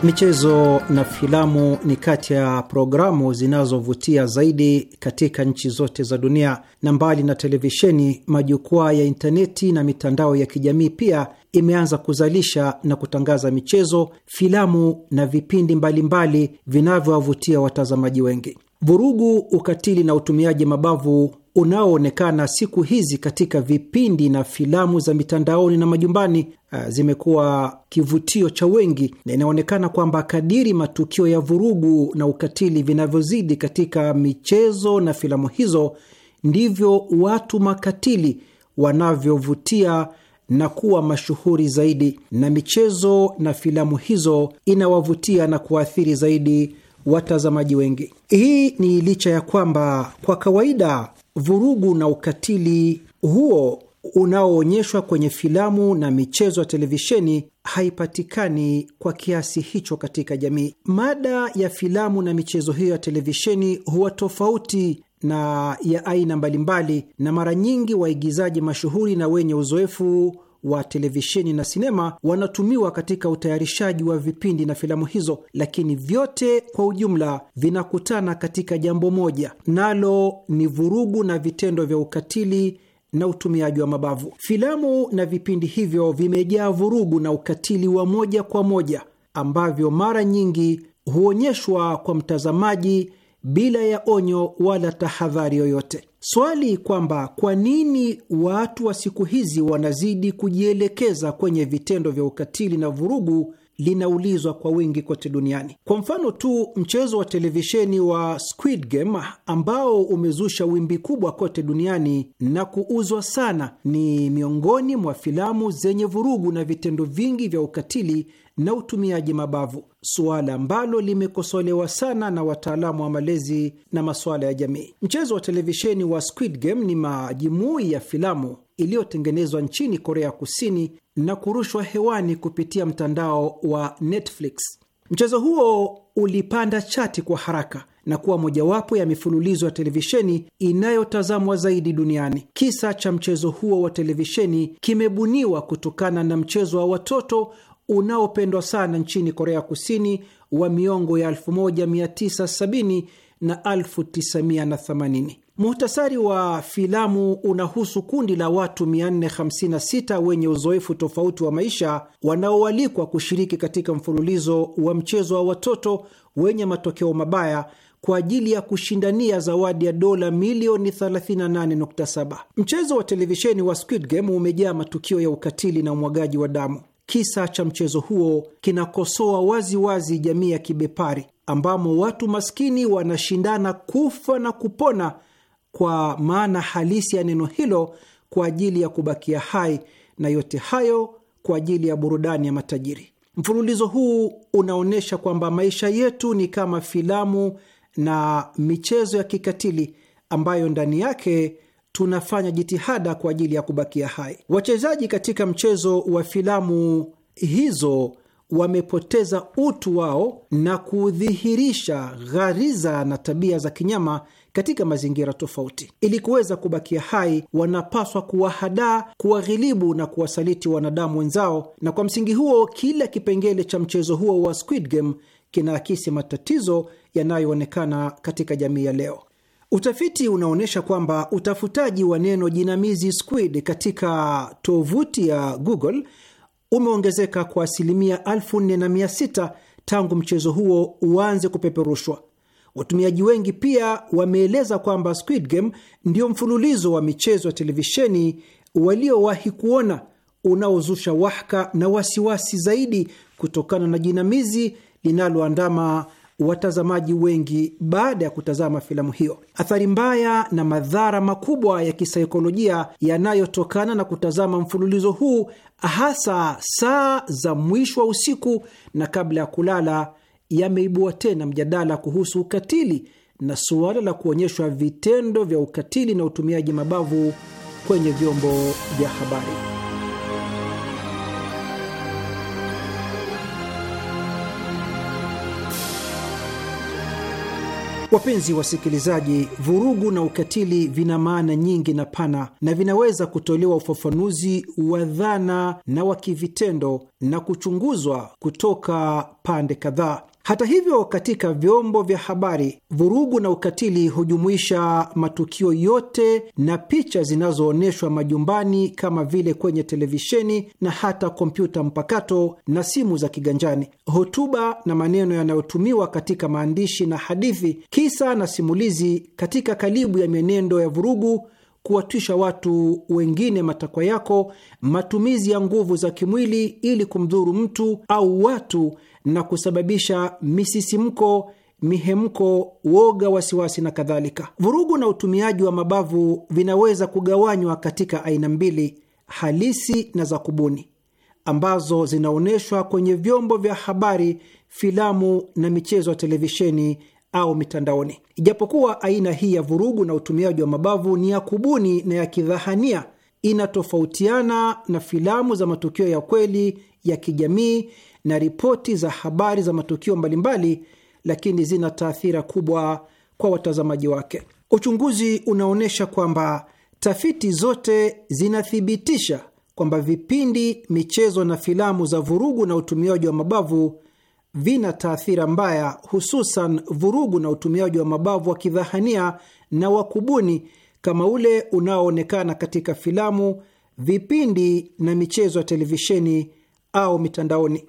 Michezo na filamu ni kati ya programu zinazovutia zaidi katika nchi zote za dunia, na mbali na televisheni, majukwaa ya intaneti na mitandao ya kijamii pia imeanza kuzalisha na kutangaza michezo, filamu na vipindi mbalimbali vinavyowavutia watazamaji wengi. Vurugu, ukatili na utumiaji mabavu unaoonekana siku hizi katika vipindi na filamu za mitandaoni na majumbani uh, zimekuwa kivutio cha wengi, na inaonekana kwamba kadiri matukio ya vurugu na ukatili vinavyozidi katika michezo na filamu hizo, ndivyo watu makatili wanavyovutia na kuwa mashuhuri zaidi, na michezo na filamu hizo inawavutia na kuwaathiri zaidi watazamaji wengi. Hii ni licha ya kwamba kwa kawaida vurugu na ukatili huo unaoonyeshwa kwenye filamu na michezo ya televisheni haipatikani kwa kiasi hicho katika jamii. Mada ya filamu na michezo hiyo ya televisheni huwa tofauti na ya aina mbalimbali, na mara nyingi waigizaji mashuhuri na wenye uzoefu wa televisheni na sinema wanatumiwa katika utayarishaji wa vipindi na filamu hizo, lakini vyote kwa ujumla vinakutana katika jambo moja, nalo ni vurugu na vitendo vya ukatili na utumiaji wa mabavu. Filamu na vipindi hivyo vimejaa vurugu na ukatili wa moja kwa moja ambavyo mara nyingi huonyeshwa kwa mtazamaji bila ya onyo wala tahadhari yoyote. Swali kwamba kwa nini watu wa siku hizi wanazidi kujielekeza kwenye vitendo vya ukatili na vurugu linaulizwa kwa wingi kote duniani. Kwa mfano tu, mchezo wa televisheni wa Squid Game ambao umezusha wimbi kubwa kote duniani na kuuzwa sana, ni miongoni mwa filamu zenye vurugu na vitendo vingi vya ukatili na utumiaji mabavu, suala ambalo limekosolewa sana na wataalamu wa malezi na masuala ya jamii. Mchezo wa televisheni wa Squid Game ni majimui ya filamu iliyotengenezwa nchini Korea Kusini na kurushwa hewani kupitia mtandao wa Netflix. Mchezo huo ulipanda chati kwa haraka na kuwa mojawapo ya mifululizo ya televisheni inayotazamwa zaidi duniani. Kisa cha mchezo huo wa televisheni kimebuniwa kutokana na mchezo wa watoto unaopendwa sana nchini Korea Kusini wa miongo ya 1970 na 1980. Muhtasari wa filamu unahusu kundi la watu 456 wenye uzoefu tofauti wa maisha wanaoalikwa kushiriki katika mfululizo wa mchezo wa watoto wenye matokeo mabaya kwa ajili ya kushindania zawadi ya dola milioni 38.7. Mchezo wa televisheni wa Squid Game umejaa matukio ya ukatili na umwagaji wa damu. Kisa cha mchezo huo kinakosoa waziwazi wazi jamii ya kibepari ambamo watu maskini wanashindana kufa na kupona kwa maana halisi ya neno hilo kwa ajili ya kubakia hai, na yote hayo kwa ajili ya burudani ya matajiri. Mfululizo huu unaonyesha kwamba maisha yetu ni kama filamu na michezo ya kikatili ambayo ndani yake tunafanya jitihada kwa ajili ya kubakia hai. Wachezaji katika mchezo wa filamu hizo wamepoteza utu wao na kudhihirisha ghariza na tabia za kinyama katika mazingira tofauti. Ili kuweza kubakia hai, wanapaswa kuwahadaa, kuwaghilibu na kuwasaliti wanadamu wenzao, na kwa msingi huo kila kipengele cha mchezo huo wa Squid Game kinaakisi matatizo yanayoonekana katika jamii ya leo. Utafiti unaonyesha kwamba utafutaji wa neno jinamizi squid katika tovuti ya Google umeongezeka kwa asilimia 46 tangu mchezo huo uanze kupeperushwa. Watumiaji wengi pia wameeleza kwamba Squid Game ndio mfululizo wa michezo ya televisheni waliowahi kuona unaozusha wahaka na wasiwasi zaidi kutokana na jinamizi linaloandama watazamaji wengi baada ya kutazama filamu hiyo. Athari mbaya na madhara makubwa ya kisaikolojia yanayotokana na kutazama mfululizo huu, hasa saa za mwisho wa usiku na kabla ya kulala, yameibua tena mjadala kuhusu ukatili na suala la kuonyeshwa vitendo vya ukatili na utumiaji mabavu kwenye vyombo vya habari. Wapenzi wasikilizaji, vurugu na ukatili vina maana nyingi na pana na vinaweza kutolewa ufafanuzi wa dhana na wa kivitendo na kuchunguzwa kutoka pande kadhaa. Hata hivyo, katika vyombo vya habari, vurugu na ukatili hujumuisha matukio yote na picha zinazoonyeshwa majumbani kama vile kwenye televisheni na hata kompyuta mpakato na simu za kiganjani, hotuba na maneno yanayotumiwa katika maandishi na hadithi, kisa na simulizi katika kalibu ya mienendo ya vurugu kuwatisha watu wengine matakwa yako, matumizi ya nguvu za kimwili ili kumdhuru mtu au watu, na kusababisha misisimko, mihemko, woga, wasiwasi na kadhalika. Vurugu na utumiaji wa mabavu vinaweza kugawanywa katika aina mbili, halisi na za kubuni, ambazo zinaonyeshwa kwenye vyombo vya habari, filamu na michezo ya televisheni au mitandaoni. Ijapokuwa aina hii ya vurugu na utumiaji wa mabavu ni ya kubuni na ya kidhahania, inatofautiana na filamu za matukio ya kweli ya kijamii na ripoti za habari za matukio mbalimbali, lakini zina taathira kubwa kwa watazamaji wake. Uchunguzi unaonyesha kwamba tafiti zote zinathibitisha kwamba vipindi, michezo na filamu za vurugu na utumiaji wa mabavu vina taathira mbaya, hususan vurugu na utumiaji wa mabavu wa kidhahania na wakubuni kama ule unaoonekana katika filamu, vipindi na michezo ya televisheni au mitandaoni.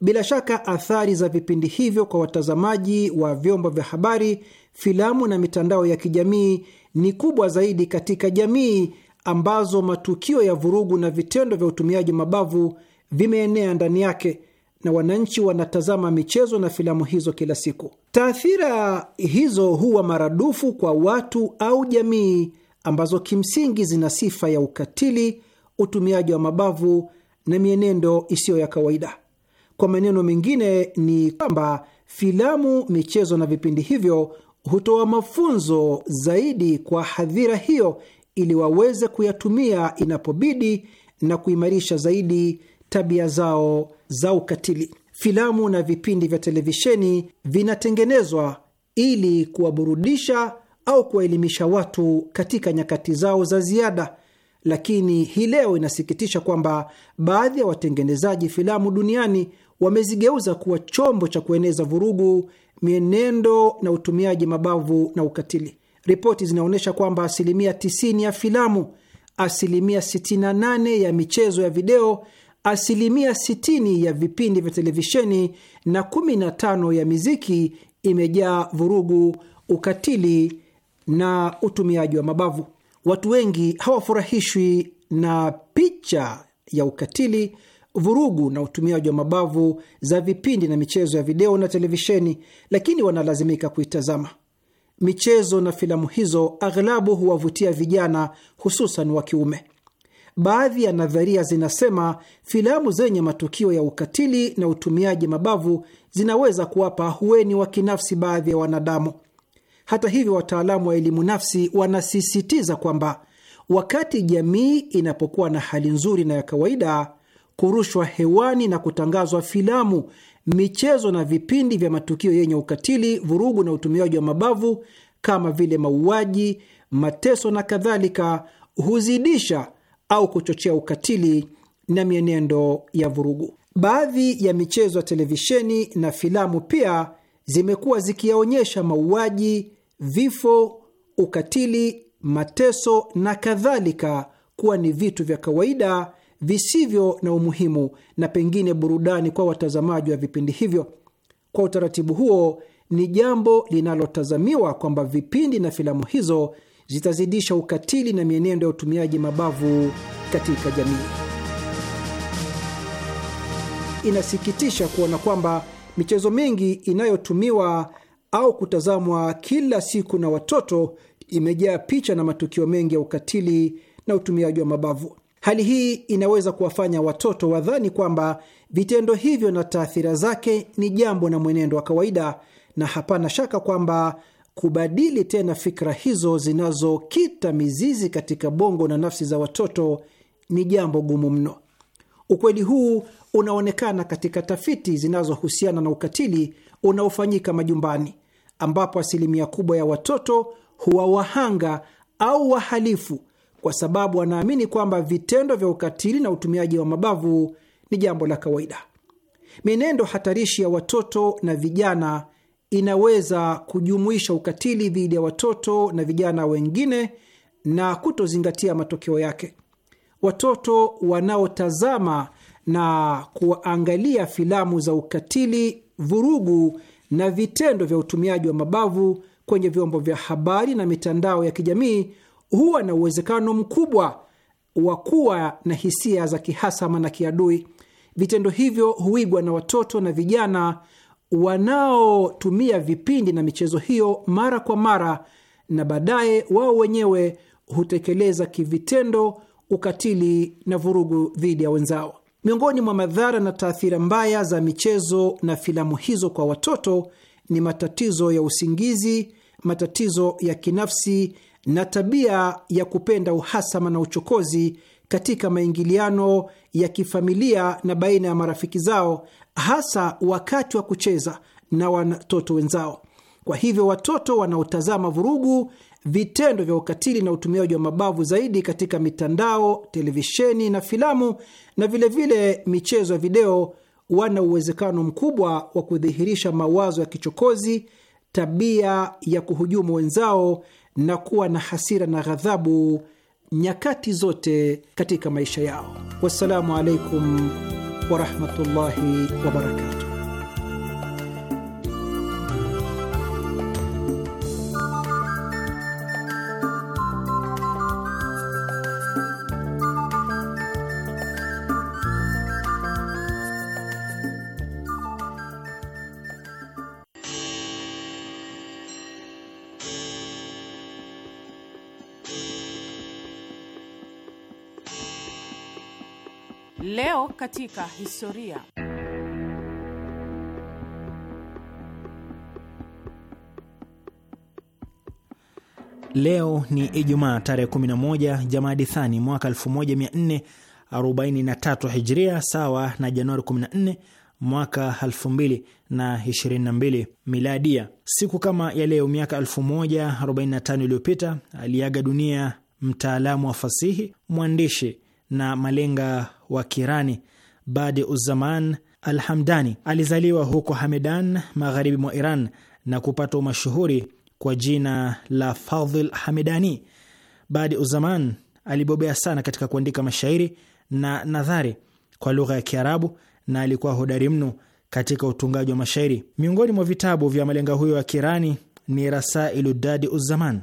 Bila shaka athari za vipindi hivyo kwa watazamaji wa vyombo vya habari, filamu na mitandao ya kijamii ni kubwa zaidi katika jamii ambazo matukio ya vurugu na vitendo vya utumiaji mabavu vimeenea ndani yake na wananchi wanatazama michezo na filamu hizo kila siku. Taathira hizo huwa maradufu kwa watu au jamii ambazo kimsingi zina sifa ya ukatili, utumiaji wa mabavu na mienendo isiyo ya kawaida. Kwa maneno mengine, ni kwamba filamu, michezo na vipindi hivyo hutoa mafunzo zaidi kwa hadhira hiyo ili waweze kuyatumia inapobidi na kuimarisha zaidi tabia zao za ukatili. Filamu na vipindi vya televisheni vinatengenezwa ili kuwaburudisha au kuwaelimisha watu katika nyakati zao za ziada, lakini hii leo inasikitisha kwamba baadhi ya watengenezaji filamu duniani wamezigeuza kuwa chombo cha kueneza vurugu, mienendo na utumiaji mabavu na ukatili. Ripoti zinaonyesha kwamba asilimia 90 ya filamu, asilimia 68 ya michezo ya video, asilimia 60 ya vipindi vya televisheni na 15 ya miziki imejaa vurugu, ukatili na utumiaji wa mabavu. Watu wengi hawafurahishwi na picha ya ukatili, vurugu na utumiaji wa mabavu za vipindi na michezo ya video na televisheni, lakini wanalazimika kuitazama. Michezo na filamu hizo aghlabu huwavutia vijana, hususan wa kiume. Baadhi ya nadharia zinasema filamu zenye matukio ya ukatili na utumiaji mabavu zinaweza kuwapa hueni wa kinafsi baadhi ya wanadamu. Hata hivyo, wataalamu wa elimu nafsi wanasisitiza kwamba wakati jamii inapokuwa na hali nzuri na ya kawaida kurushwa hewani na kutangazwa filamu, michezo na vipindi vya matukio yenye ukatili, vurugu na utumiaji wa mabavu kama vile mauaji, mateso na kadhalika, huzidisha au kuchochea ukatili na mienendo ya vurugu. Baadhi ya michezo ya televisheni na filamu pia zimekuwa zikiyaonyesha mauaji, vifo, ukatili, mateso na kadhalika kuwa ni vitu vya kawaida visivyo na umuhimu na pengine burudani kwa watazamaji wa vipindi hivyo. Kwa utaratibu huo, ni jambo linalotazamiwa kwamba vipindi na filamu hizo zitazidisha ukatili na mienendo ya utumiaji mabavu katika jamii. Inasikitisha kuona kwamba michezo mingi inayotumiwa au kutazamwa kila siku na watoto imejaa picha na matukio mengi ya ukatili na utumiaji wa mabavu. Hali hii inaweza kuwafanya watoto wadhani kwamba vitendo hivyo na taathira zake ni jambo na mwenendo wa kawaida, na hapana shaka kwamba kubadili tena fikra hizo zinazokita mizizi katika bongo na nafsi za watoto ni jambo gumu mno. Ukweli huu unaonekana katika tafiti zinazohusiana na ukatili unaofanyika majumbani, ambapo asilimia kubwa ya watoto huwa wahanga au wahalifu kwa sababu wanaamini kwamba vitendo vya ukatili na utumiaji wa mabavu ni jambo la kawaida. Mienendo hatarishi ya watoto na vijana inaweza kujumuisha ukatili dhidi ya watoto na vijana wengine na kutozingatia matokeo yake. Watoto wanaotazama na kuangalia filamu za ukatili, vurugu na vitendo vya utumiaji wa mabavu kwenye vyombo vya habari na mitandao ya kijamii huwa na uwezekano mkubwa wa kuwa na hisia za kihasama na kiadui. Vitendo hivyo huigwa na watoto na vijana wanaotumia vipindi na michezo hiyo mara kwa mara, na baadaye wao wenyewe hutekeleza kivitendo ukatili na vurugu dhidi ya wenzao. Miongoni mwa madhara na taathira mbaya za michezo na filamu hizo kwa watoto ni matatizo ya usingizi, matatizo ya kinafsi na tabia ya kupenda uhasama na uchokozi katika maingiliano ya kifamilia na baina ya marafiki zao, hasa wakati wa kucheza na watoto wenzao. Kwa hivyo watoto wanaotazama vurugu, vitendo vya ukatili na utumiaji wa mabavu zaidi katika mitandao, televisheni na filamu, na vilevile vile michezo ya video, wana uwezekano mkubwa wa kudhihirisha mawazo ya kichokozi, tabia ya kuhujumu wenzao na kuwa na hasira na ghadhabu nyakati zote katika maisha yao. Wassalamu alaikum warahmatullahi wabarakatuh. katika historia. Leo ni Ijumaa tarehe 11 Jamadi Thani mwaka 1443 Hijria, sawa na Januari 14 mwaka 2022 Miladia. Siku kama ya leo miaka 1045 iliyopita aliaga dunia mtaalamu wa fasihi, mwandishi na malenga wa Kirani Badi Uzaman Alhamdani. Alizaliwa huko Hamedan, magharibi mwa Iran na kupata umashuhuri kwa jina la Fadhil Hamedani. Badi Uzaman alibobea sana katika kuandika mashairi na nadhari kwa lugha ya Kiarabu na alikuwa hodari mno katika utungaji wa mashairi. Miongoni mwa vitabu vya malenga huyo wa Kirani ni Rasailu Dadi Uzaman.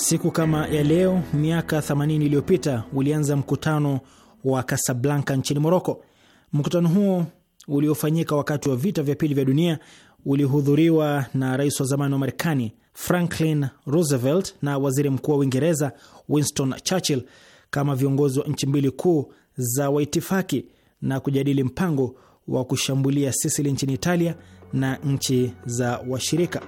Siku kama ya leo miaka 80 iliyopita ulianza mkutano wa Kasablanka nchini Moroko. Mkutano huo uliofanyika wakati wa vita vya pili vya dunia ulihudhuriwa na rais wa zamani wa Marekani Franklin Roosevelt na waziri mkuu wa Uingereza Winston Churchill kama viongozi wa nchi mbili kuu za waitifaki na kujadili mpango wa kushambulia Sisili nchini Italia na nchi za washirika.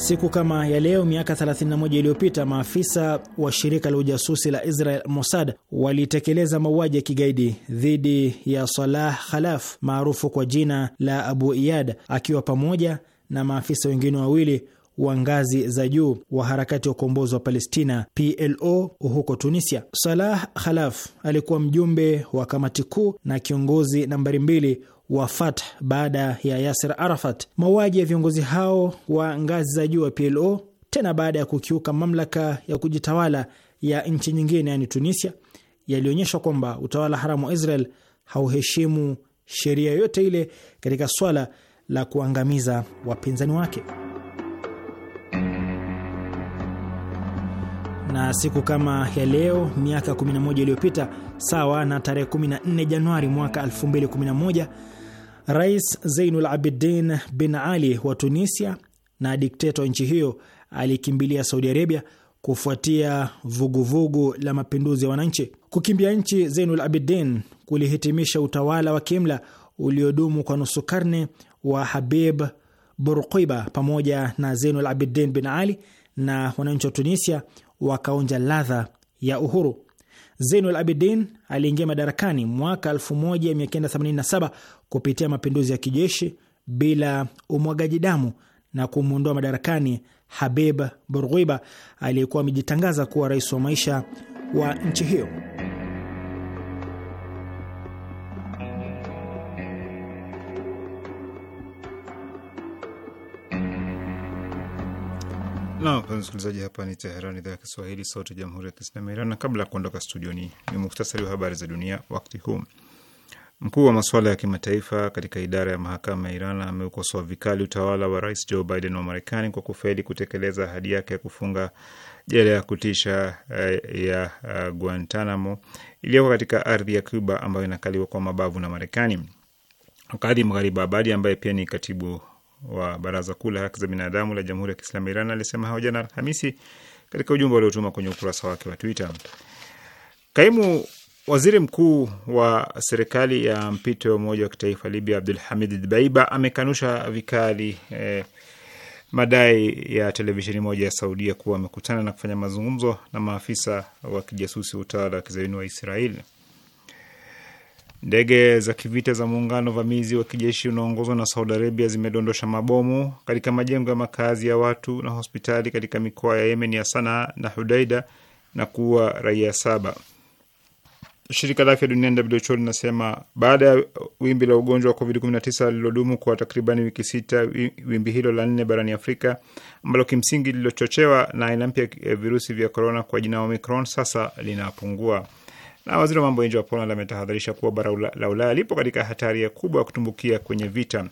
Siku kama ya leo miaka 31 iliyopita maafisa wa shirika la ujasusi la Israel Mossad walitekeleza mauaji ya kigaidi dhidi ya Salah Khalaf maarufu kwa jina la Abu Iyad akiwa pamoja na maafisa wengine wawili wa ngazi za juu wa harakati ya ukombozi wa Palestina PLO huko Tunisia. Salah Khalaf alikuwa mjumbe wa kamati kuu na kiongozi nambari mbili wa Fatah baada ya Yasir Arafat. Mauaji ya viongozi hao wa ngazi za juu wa PLO tena baada ya kukiuka mamlaka ya kujitawala ya nchi nyingine, yani Tunisia, yalionyesha kwamba utawala haramu wa Israel hauheshimu sheria yoyote ile katika swala la kuangamiza wapinzani wake. Na siku kama ya leo miaka 11 iliyopita, sawa na tarehe 14 Januari mwaka 2011, Rais Zeinul Abidin bin Ali wa Tunisia na dikteta wa nchi hiyo alikimbilia Saudi Arabia kufuatia vuguvugu vugu la mapinduzi ya wananchi. Kukimbia nchi Zeinul Abidin kulihitimisha utawala wa kimla uliodumu kwa nusu karne wa Habib burquiba pamoja na Zeinul Abidin bin Ali, na wananchi wa Tunisia wakaonja ladha ya uhuru. Zeinul Abidin aliingia madarakani mwaka 1987 kupitia mapinduzi ya kijeshi bila umwagaji damu na kumwondoa madarakani Habib Bourguiba aliyekuwa amejitangaza kuwa rais wa maisha wa nchi hiyo. No, msikilizaji, hapa ni Teheran, idhaa ya Kiswahili, sauti ya jamhuri ya kiislamu ya Iran. Na kabla ya kuondoka studioni, ni, ni muhtasari wa habari za dunia wakati huu. Mkuu wa masuala ya kimataifa katika idara ya mahakama ya Iran ameukosoa vikali utawala wa rais Joe Biden wa Marekani kwa kufeli kutekeleza ahadi yake ya kufunga jela ya kutisha eh, ya eh, Guantanamo iliyoko katika ardhi ya Cuba ambayo inakaliwa kwa mabavu na Marekani. Kadhi Magharibi Abadi ambaye pia ni katibu wa baraza kuu la haki za binadamu la Jamhuri ya Kiislamu ya Iran alisema hayo jana Alhamisi katika ujumbe aliotuma kwenye ukurasa wake wa Twitter. Kaimu Waziri mkuu wa serikali ya mpito ya Umoja wa Kitaifa Libya, Abdul Hamid Dbeiba, amekanusha vikali eh, madai ya televisheni moja ya Saudia kuwa amekutana na kufanya mazungumzo na maafisa wa kijasusi wa utawala wa kizayuni wa Israeli. Ndege za kivita za muungano vamizi wa kijeshi unaoongozwa na Saudi Arabia zimedondosha mabomu katika majengo ya makazi ya watu na hospitali katika mikoa ya Yemen ya Sanaa na Hudaida na kuua raia saba. Shirika la Afya Duniani WHO linasema baada ya wimbi la ugonjwa wa COVID-19 lililodumu kwa takribani wiki sita, wimbi hilo la nne barani Afrika ambalo kimsingi lilochochewa na aina mpya ya virusi vya korona kwa jina Omicron sasa linapungua. Na waziri wa mambo ya nje wa Poland ametahadharisha kuwa bara la Ulaya lipo katika hatari ya kubwa ya kutumbukia kwenye vita.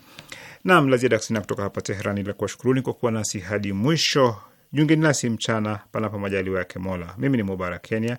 Naam, la ziada sina kutoka hapa Teherani, ila kuwashukuruni kwa kuwa nasi hadi mwisho. Jungeni nasi mchana, panapo majaliwa yake Mola. Mimi ni Mubarak Kenya,